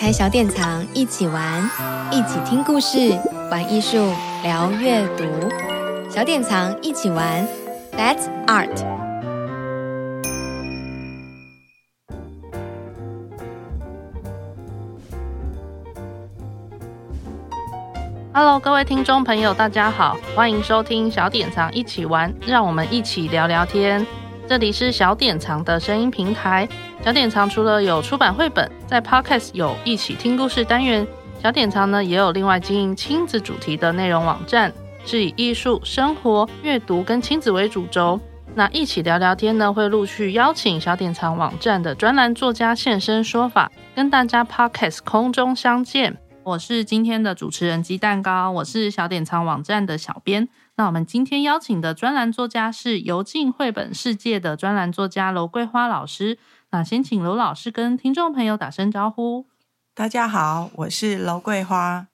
開小典藏，一起玩，一起聽故事，玩藝術，聊閱讀。小典藏，一起玩，That's Art。Hello，各位聽眾朋友，大家好，歡迎收聽小典藏一起玩，讓我們一起聊聊天。這裡是小典藏的聲音平台。小典藏除了有出版繪本。在 Podcast 有藝起聽故事單元，小典藏呢也有另外經營親子主題的內容網站，是以藝術、生活、閱讀跟親子為主軸。那藝起聊聊天呢，會陸續邀請小典藏網站的專欄作家現身說法，跟大家 Podcast 空中相見。我是今天的主持人雞蛋糕，我是小典藏網站的小編。那我們今天邀請的專欄作家是郵進繪本世界的專欄作家樓桂花老師。那先請樓老師跟聽眾朋友打聲招呼。大家好，我是樓桂花。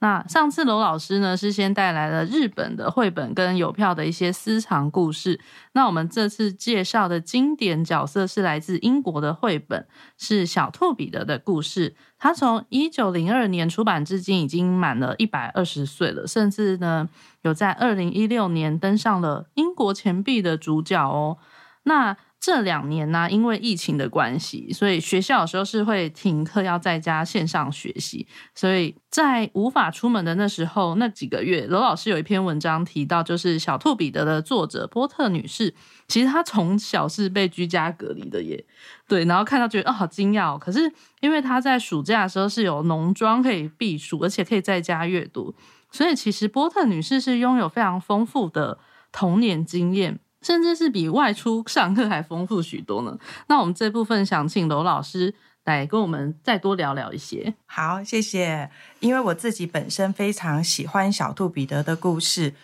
那上次樓老師呢是先帶來了日本的繪本跟郵票的一些私藏故事。那我們這次介紹的經典角色是來自英國的繪本，是小兔彼得的故事。他從一九零二年出版至今，已經滿了一百二十歲了，甚至呢有在二零一六年登上了英國錢幣的主角哦。那這兩年呢、啊，因為疫情的關係，所以學校有時候是會停課，要在家線上學習。所以在無法出門的那時候那幾個月，樓老師有一篇文章提到，就是《小兔彼得》的作者波特女士，其實她從小是被居家隔離的耶。對，然後看到覺得哦，好驚訝哦。可是因為她在暑假的時候是有農莊可以避暑，而且可以在家閱讀，所以其實波特女士是擁有非常豐富的童年經驗。甚至是比外出上課還豐富許多呢。那我們這部分想請樓老師來跟我們再多聊聊一些。好，謝謝。因為我自己本身非常喜歡小兔彼得的故事，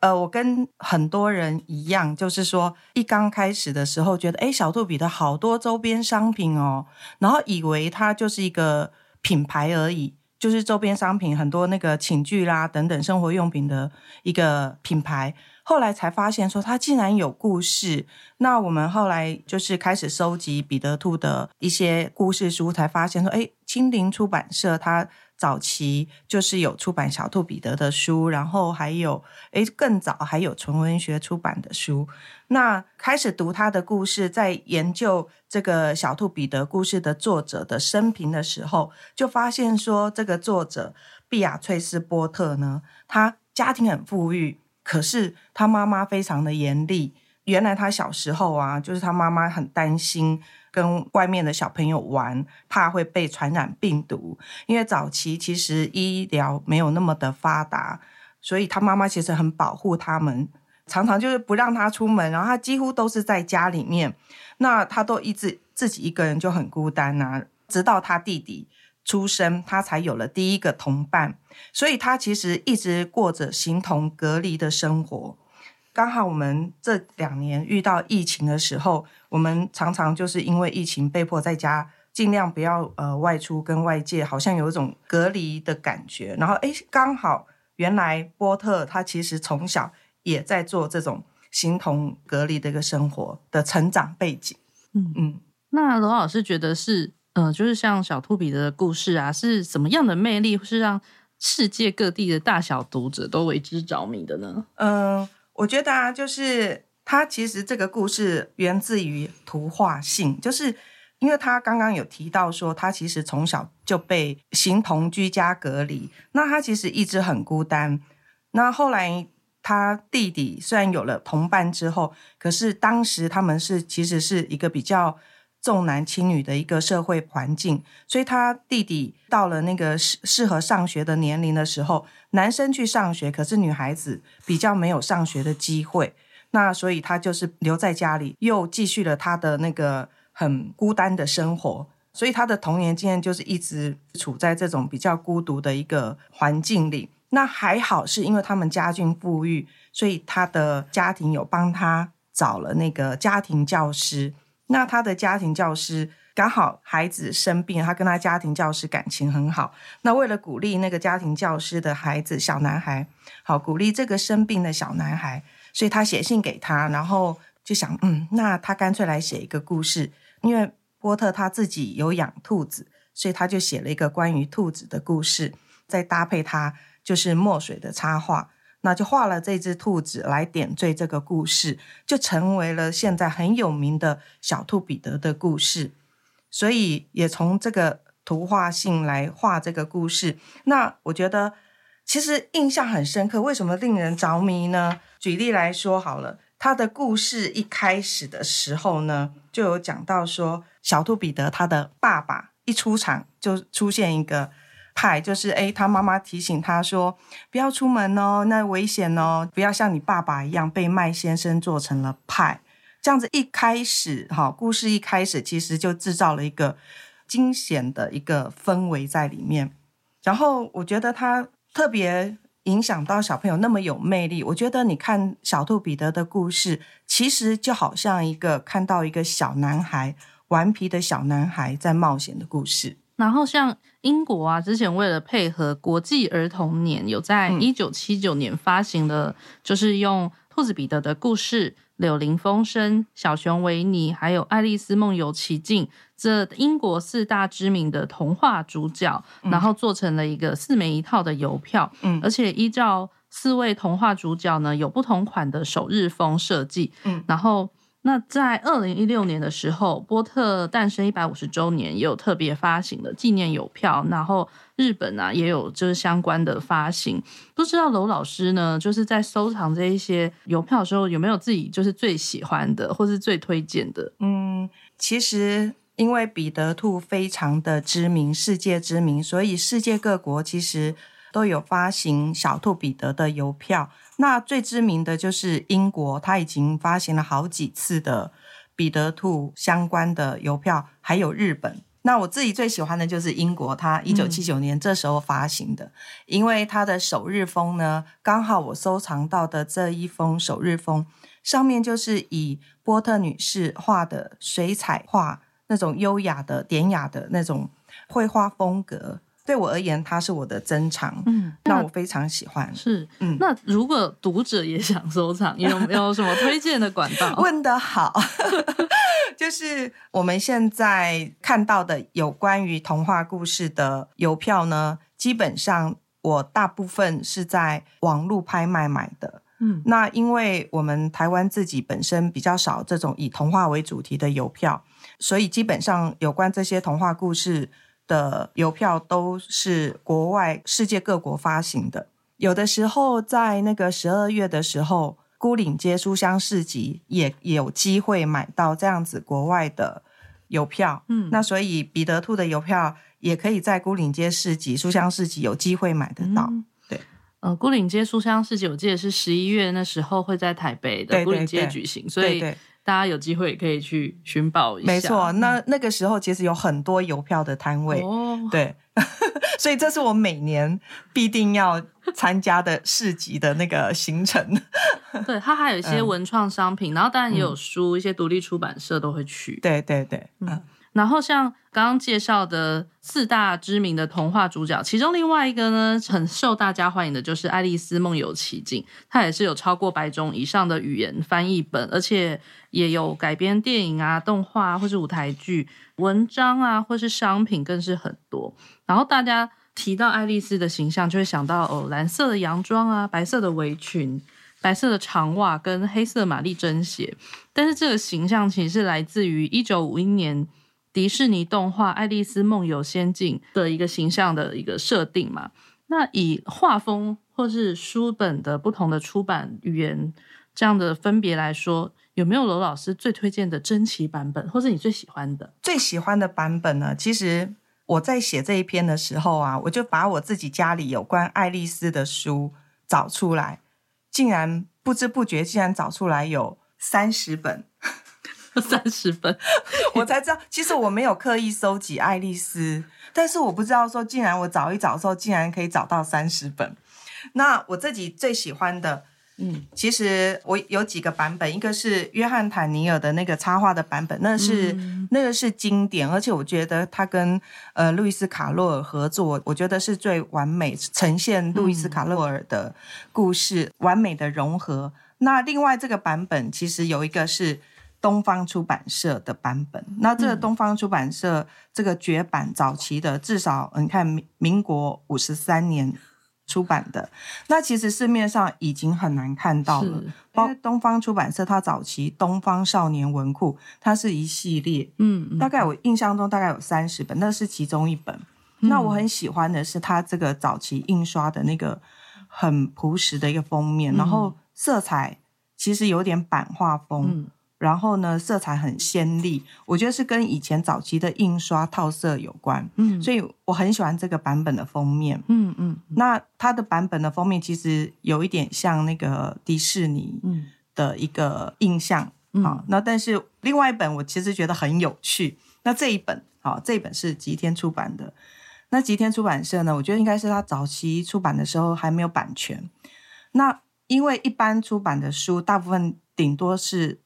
呃，我跟很多人一樣，就是說一剛開始的時候覺得，哎，小兔彼得好多周邊商品哦，然後以為它就是一個品牌而已，就是周邊商品很多那個寢具啦等等生活用品的一個品牌。後來才發現說他竟然有故事，那我們後來就是開始收集彼得兔的一些故事書，才發現說，哎，青林出版社它早期就是有出版小兔彼得的書，然後還有，哎，更早還有純文學出版的書。那開始讀他的故事，在研究這個小兔彼得故事的作者的生平的時候，就發現說這個作者碧雅翠斯波特呢，他家庭很富裕。可是他媽媽非常的嚴厲。原來他小時候啊，就是他媽媽很擔心跟外面的小朋友玩，怕會被傳染病毒。因為早期其實醫療沒有那麼的發達，所以他媽媽其實很保護他們，常常就是不讓他出門，然後他幾乎都是在家裡面。那他都一直自己一個人就很孤單吶、啊，直到他弟弟。出生，他才有了第一個同伴，所以他其實一直過着形同隔離的生活。剛好我們這兩年遇到疫情的時候，我們常常就是因為疫情被迫在家，盡量不要呃外出，跟外界好像有一種隔離的感覺。然後，哎、欸，剛好原來波特他其實從小也在做這種形同隔離的一個生活的成長背景。嗯嗯，嗯那樓老師覺得是。呃，就是像小兔彼得的故事啊，是怎麼樣的魅力，是讓世界各地的大小讀者都為之着迷的呢？嗯、呃，我覺得啊，就是他其實這個故事源自於圖畫信，就是因為他剛剛有提到說，他其實從小就被形同居家隔離，那他其實一直很孤單。那後來他弟弟雖然有了同伴之後，可是當時他們是其實是一個比較。重男輕女的一個社會環境，所以他弟弟到了那個適適合上學的年齡的時候，男生去上學，可是女孩子比較沒有上學的機會，那所以他就是留在家裡，又繼續了他的那個很孤單的生活。所以他的童年經驗就是一直處在這種比較孤獨的一個環境裡。那還好是因為他們家境富裕，所以他的家庭有幫他找了那個家庭教師。那他的家庭教師剛好孩子生病，他跟他家庭教師感情很好。那為了鼓勵那個家庭教師的孩子小男孩，好鼓勵這個生病的小男孩，所以他寫信給他，然後就想，嗯，那他乾脆來寫一個故事。因為波特他自己有養兔子，所以他就寫了一個關於兔子的故事，再搭配他就是墨水的插畫。那就畫了這隻兔子來點綴這個故事，就成為了現在很有名的小兔彼得的故事。所以也從這個圖畫信來畫這個故事。那我覺得其實印象很深刻，為什麼令人着迷呢？舉例來說好了，他的故事一開始的時候呢，就有講到說小兔彼得他的爸爸一出場就出現一個。派就是誒、欸、他媽媽提醒他說，不要出門哦，那危險哦，不要像你爸爸一樣被麥先生做成了派。這樣子一開始，好，故事一開始其實就製造了一個驚險的一個氛圍在裡面。然後我覺得他特別影響到小朋友，那麼有魅力。我覺得你看小兔彼得的故事，其實就好像一個看到一個小男孩，頑皮的小男孩在冒險的故事。然後像。英國啊，之前為了配合國際兒童年，有在一九七九年發行了，嗯、就是用兔子彼得的故事、柳林風聲、小熊維尼，還有愛麗絲夢遊奇境這英國四大知名的童話主角，然後做成了一個四枚一套的郵票，嗯，而且依照四位童話主角呢，有不同款的首日封設計，嗯，然後。那在二零一六年的時候，波特誕生一百五十週年，也有特別發行的紀念郵票。然後日本呢、啊，也有就是相關的發行。不知道樓老師呢，就是在收藏這一些郵票的時候，有沒有自己就是最喜歡的，或是最推薦的？嗯，其實因為彼得兔非常的知名，世界知名，所以世界各國其實都有發行小兔彼得的郵票。那最知名的就是英國，他已經發行了好幾次的彼得兔相關的郵票，還有日本。那我自己最喜歡的就是英國，它一九七九年這時候發行的，嗯。因為它的首日封呢，剛好我收藏到的這一封首日封，上面就是以波特女士畫的水彩畫，那種優雅的、典雅的那種繪畫風格。對我而言，它是我的珍藏。嗯，那我非常喜歡。是，嗯，那如果讀者也想收藏，你有沒有什麼推薦的管道？ 問得好， 就是我們現在看到的有關於童話故事的郵票呢，基本上我大部分是在網路拍賣買的。嗯，那因為我們台灣自己本身比較少這種以童話為主題的郵票，所以基本上有關這些童話故事。的郵票都是國外世界各國發行的，有的時候在那個十二月的時候，牯嶺街書香市集也有機會買到這樣子國外的郵票。嗯、那所以彼得兔的郵票也可以在牯嶺街市集、書香市集有機會買得到。嗯、對，嗯、呃，牯嶺街書香市集我記得是十一月那時候會在台北的牯嶺街舉行，對對對，所以對對。大家有機會可以去尋寶一下。沒錯，那那個時候其實有很多郵票的攤位，嗯、對， 所以這是我每年必定要。參加的市集的那個行程， 對，它還有一些文創商品，嗯、然後當然也有書，嗯、一些獨立出版社都會去。對對對，嗯，嗯，然後像剛剛介紹的四大知名的童話主角，其中另外一個呢，很受大家歡迎的就是《愛麗絲夢遊奇境》，它也是有超過百種以上的語言翻譯本，而且也有改編電影啊、動畫啊、或是舞台劇、文章啊或是商品，更是很多。然後大家。提到愛麗絲的形象，就會想到哦，藍色的洋裝啊，白色的圍裙，白色的長襪跟黑色瑪麗珍鞋。但是這個形象其實來自於一九五一年迪士尼動畫《愛麗絲夢遊仙境》的一個形象的一個設定嘛。那以畫風或是書本的不同的出版語言這樣的分別來說，有沒有樓老師最推薦的珍奇版本，或是你最喜歡的？最喜歡的版本呢？其實。我在寫這一篇的時候啊，我就把我自己家裡有關愛麗絲的書找出來，竟然不知不覺竟然找出來有三十本。三十 本， 我才知道，其實我沒有刻意搜集愛麗絲， 但是我不知道說，竟然我找一找的時候竟然可以找到三十本。那我自己最喜歡的。嗯，其實我有幾個版本，一個是約翰坦尼爾的那個插畫的版本，那個、是、嗯、那個是經典，而且我覺得他跟呃路易斯卡洛爾合作，我覺得是最完美呈現路易斯卡洛爾的故事，嗯、完美的融合。那另外這個版本其實有一個是東方出版社的版本，嗯、那這個東方出版社這個絕版早期的，至少你看民民國五十三年，出版的，那其實市面上已經很難看到了。是包括東方出版社它早期東方少年文庫，它是一系列，嗯，大概我印象中大概有三十本，那是其中一本。嗯，那我很喜歡的是它這個早期印刷的那個很樸實的一個封面，然後色彩其實有點版畫風。嗯嗯然後呢，色彩很鮮麗，我覺得是跟以前早期的印刷套色有關。嗯，所以我很喜歡這個版本的封面。嗯嗯，嗯，那它的版本的封面其實有一點像那個迪士尼的一個印象。嗯、啊，那但是另外一本我其實覺得很有趣。那這一本好、啊、這一本是吉天出版的。那吉天出版社呢，我覺得應該是他早期出版的時候還沒有版權。那因為一般出版的書，大部分頂多是。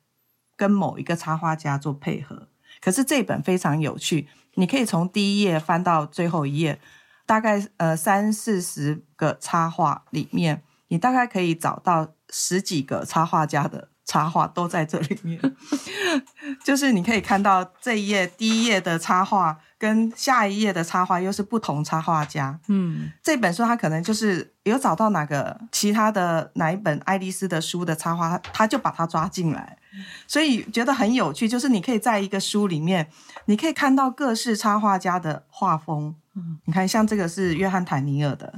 跟某一個插畫家做配合，可是這本非常有趣，你可以從第一頁翻到最後一頁，大概呃三四十個插畫裡面，你大概可以找到十幾個插畫家的插畫都在這裡面， 就是你可以看到這一頁第一頁的插畫跟下一頁的插畫又是不同插畫家，嗯，這本書它可能就是有找到哪個其他的哪一本愛麗絲的書的插畫，他就把它抓進來。所以覺得很有趣，就是你可以在一個書裡面，你可以看到各式插畫家的畫風。嗯，你看，像這個是約翰坦尼爾的，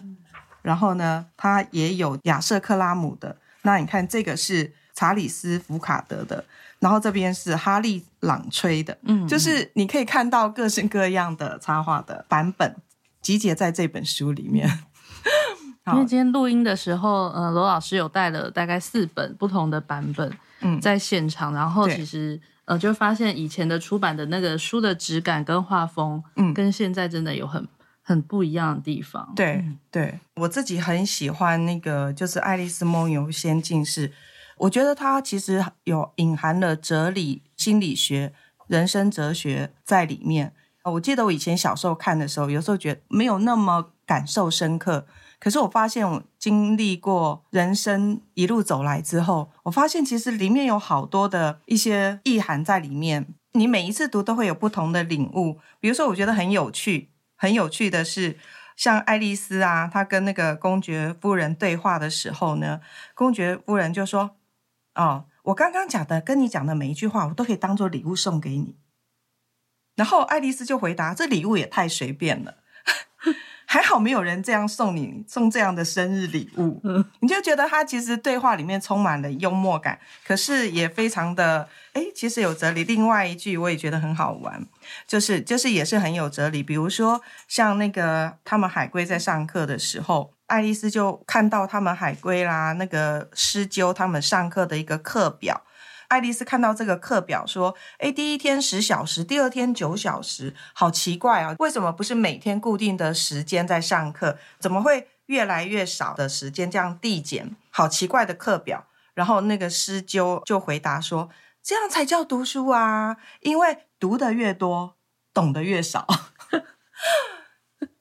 然後呢，他也有亞瑟克拉姆的。那你看，這個是查理斯福卡德的，然後這邊是哈利朗吹的。嗯，就是你可以看到各式各樣的插畫的版本集結在這本書裡面。 好因為今天錄音的時候，呃，樓老師有帶了大概四本不同的版本。嗯，在現場，嗯、然後其實對呃，就發現以前的出版的那個書的質感跟畫風，嗯，跟現在真的有很很不一樣的地方。對對，我自己很喜歡那個就是《愛麗絲夢遊仙境》，是我覺得它其實有隱含了哲理、心理學、人生哲學在裡面。我記得我以前小時候看的時候，有時候覺得沒有那麼感受深刻。可是我發現，我經歷過人生一路走來之後，我發現其實裡面有好多的一些意涵在裡面。你每一次讀都會有不同的領悟。比如說，我覺得很有趣，很有趣的是，像愛麗絲啊，她跟那個公爵夫人對話的時候呢，公爵夫人就說：“哦，我剛剛講的跟你講的每一句話，我都可以當做禮物送給你。”然後愛麗絲就回答：“這禮物也太隨便了！” 還好沒有人這樣送你送這樣的生日禮物， 你就覺得他其實對話裡面充滿了幽默感，可是也非常的誒、欸，其實有哲理。另外一句我也覺得很好玩，就是就是也是很有哲理，比如說像那個他們海龜在上課的時候，愛麗絲就看到他們海龜啦、那個獅鷲他們上課的一個課表。愛麗絲看到這個課表，說：“哎，第一天十小時，第二天九小時，好奇怪啊、哦！為什麼不是每天固定的時間在上課？怎麼會越來越少的時間這樣遞減？好奇怪的課表。”然後那個獅鷲就，就回答說：“這樣才叫讀書啊！因為讀得越多，懂得越少。 ”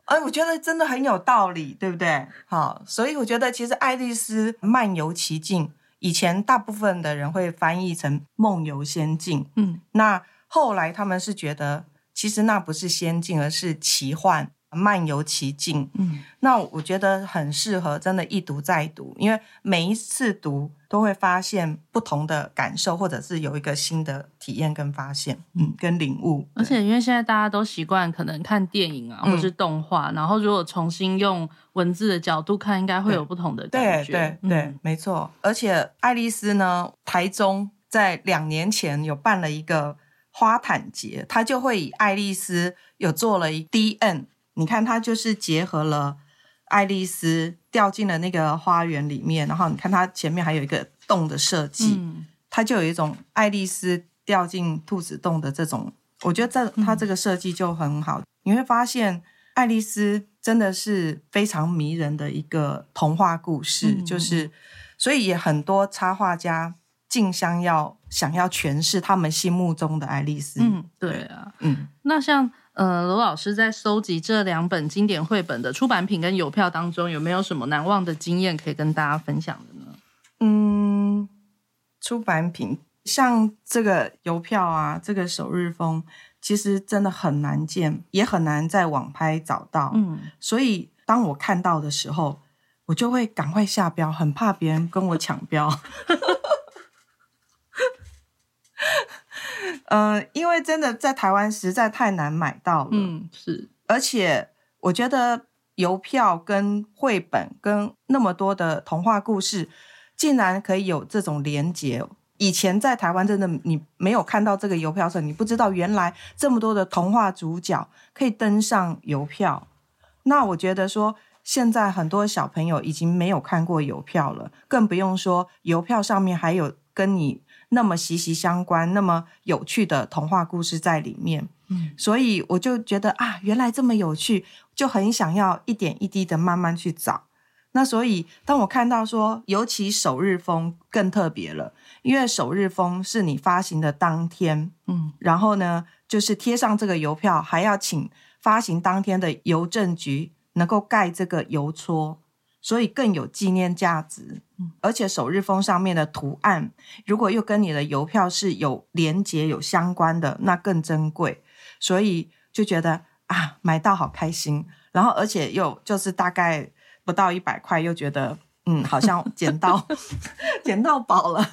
哎，我覺得真的很有道理，對不對？好，所以我覺得其實愛麗絲漫遊奇境。以前大部分的人會翻譯成《夢遊仙境》，嗯，那後來他們是覺得，其實那不是仙境，而是奇幻。漫遊奇境，嗯，那我覺得很適合，真的，一讀再讀，因為每一次讀都會發現不同的感受，或者是有一個新的體驗跟發現，嗯，跟領悟。而且因為現在大家都習慣可能看電影啊，或是動畫，嗯、然後如果重新用文字的角度看，應該會有不同的感覺。對對、嗯、對，對對嗯、沒錯。而且愛麗絲呢，台中在兩年前有辦了一個花毯節，她就會以愛麗絲有做了一 D N。你看，它就是結合了愛麗絲掉進了那個花園裡面，然後你看它前面還有一個洞的設計，嗯、它就有一種愛麗絲掉進兔子洞的這種。我覺得這它這個設計就很好。嗯、你會發現，愛麗絲真的是非常迷人的一個童話故事，嗯、就是所以也很多插畫家競相要想要詮釋他們心目中的愛麗絲。嗯，對啊，嗯，那像。呃，樓老師在收集這兩本經典繪本的出版品跟郵票當中，有沒有什麼難忘的經驗可以跟大家分享的呢？嗯，出版品，像這個郵票啊，這個首日封，其實真的很難見，也很難在網拍找到。嗯，所以當我看到的時候，我就會趕快下標，很怕別人跟我搶標。 嗯，因為真的在台灣實在太難買到了。嗯，是。而且我覺得郵票跟繪本跟那麼多的童話故事，竟然可以有這種連結。以前在臺灣真的你沒有看到這個郵票的時候，你不知道原來這麼多的童話主角可以登上郵票。那我覺得說，現在很多小朋友已經沒有看過郵票了，更不用說郵票上面還有跟你，那麼息息相關，那麼有趣的童話故事在裡面，嗯，所以我就覺得啊，原來這麼有趣，就很想要一點一滴的慢慢去找。那所以，當我看到說，尤其首日封更特別了，因為首日封是你發行的當天，嗯，然後呢，就是貼上這個郵票，還要請發行當天的郵政局能夠蓋這個郵戳。所以更有紀念價值，而且首日封上面的圖案，如果又跟你的郵票是有連結、有相關的，那更珍貴。所以就覺得啊，買到好開心。然後而且又就是大概不到一百塊，又覺得嗯，好像撿到撿 到寶了。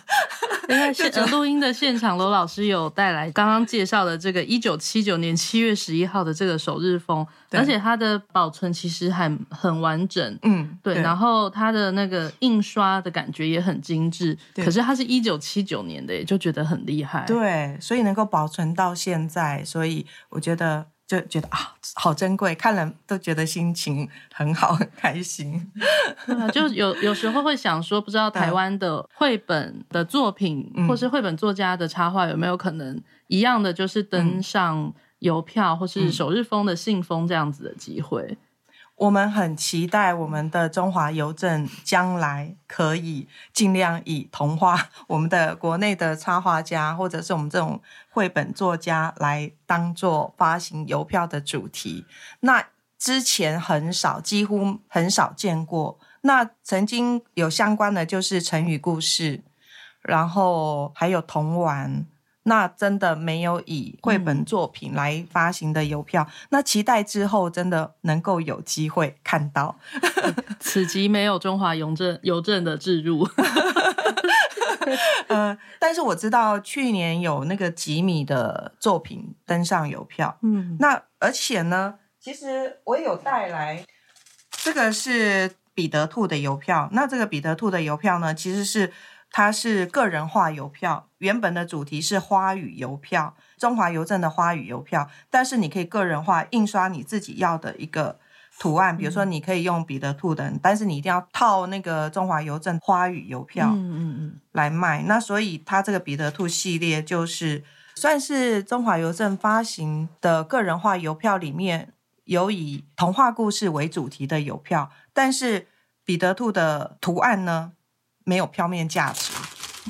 現在，現錄音的現場，樓老師有帶來剛剛介紹的這個一九七九年七月十一號的這個首日封，對而且它的保存其實還很完整，嗯，對，對，然後它的那個印刷的感覺也很精緻，對。可是它是一九七九年的，也就覺得很厲害，對。所以能夠保存到現在，所以我覺得。就覺得啊，好珍貴，看了都覺得心情很好，很開心。 對啊、就有有時候會想說，不知道台灣的繪本的作品，嗯、或是繪本作家的插畫，有沒有可能一樣的，就是登上郵票、嗯、或是首日封的信封這樣子的機會。嗯我們很期待我們的中華郵政將來可以盡量以童話、我們的國內的插畫家或者是我們這種繪本作家來當做發行郵票的主題。那之前很少，幾乎很少見過。那曾經有相關的就是成語故事，然後還有童玩。那真的沒有以繪本作品來發行的郵票，嗯、那期待之後真的能夠有機會看到。 此集沒有中華郵政郵政的置入， 呃，但是我知道去年有那個吉米的作品登上郵票，嗯，那而且呢，其實我有帶來這個是彼得兔的郵票，那這個彼得兔的郵票呢，其實是。它是個人化郵票，原本的主題是花語郵票，中華郵政的花語郵票。但是你可以個人化印刷你自己要的一個圖案，嗯、比如說你可以用彼得兔等，但是你一定要套那個中華郵政花語郵票來賣。嗯嗯嗯，那所以它這個彼得兔系列就是算是中華郵政發行的個人化郵票裡面有以童話故事為主題的郵票，但是彼得兔的圖案呢，沒有票面價值，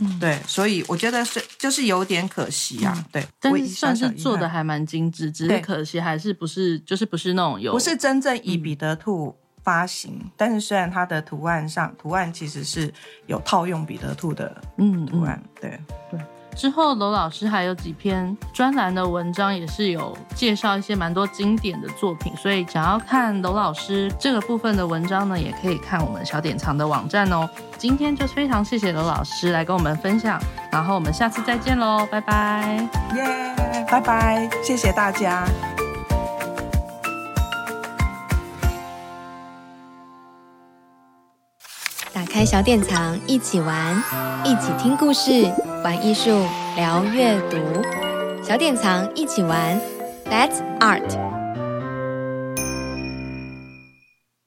嗯，對，所以我覺得是就是有點可惜啊，嗯、對。但是 我算是做的還蠻精緻，只是可惜對還是不是，就是不是那種有，不是真正以彼得兔發行，嗯、但是雖然它的圖案上圖案其實是有套用彼得兔的嗯，嗯，圖案，對，對。之後，樓老師還有幾篇專欄的文章，也是有介紹一些蠻多經典的作品，所以想要看樓老師這個部分的文章呢，也可以看我們小典藏的網站哦。今天就非常謝謝樓老師來跟我們分享，然後我們下次再見嘍，拜拜，耶，拜拜，謝謝大家。開小典藏一起玩，一起聽故事，玩藝術，聊閱讀。小典藏一起玩，That's Art。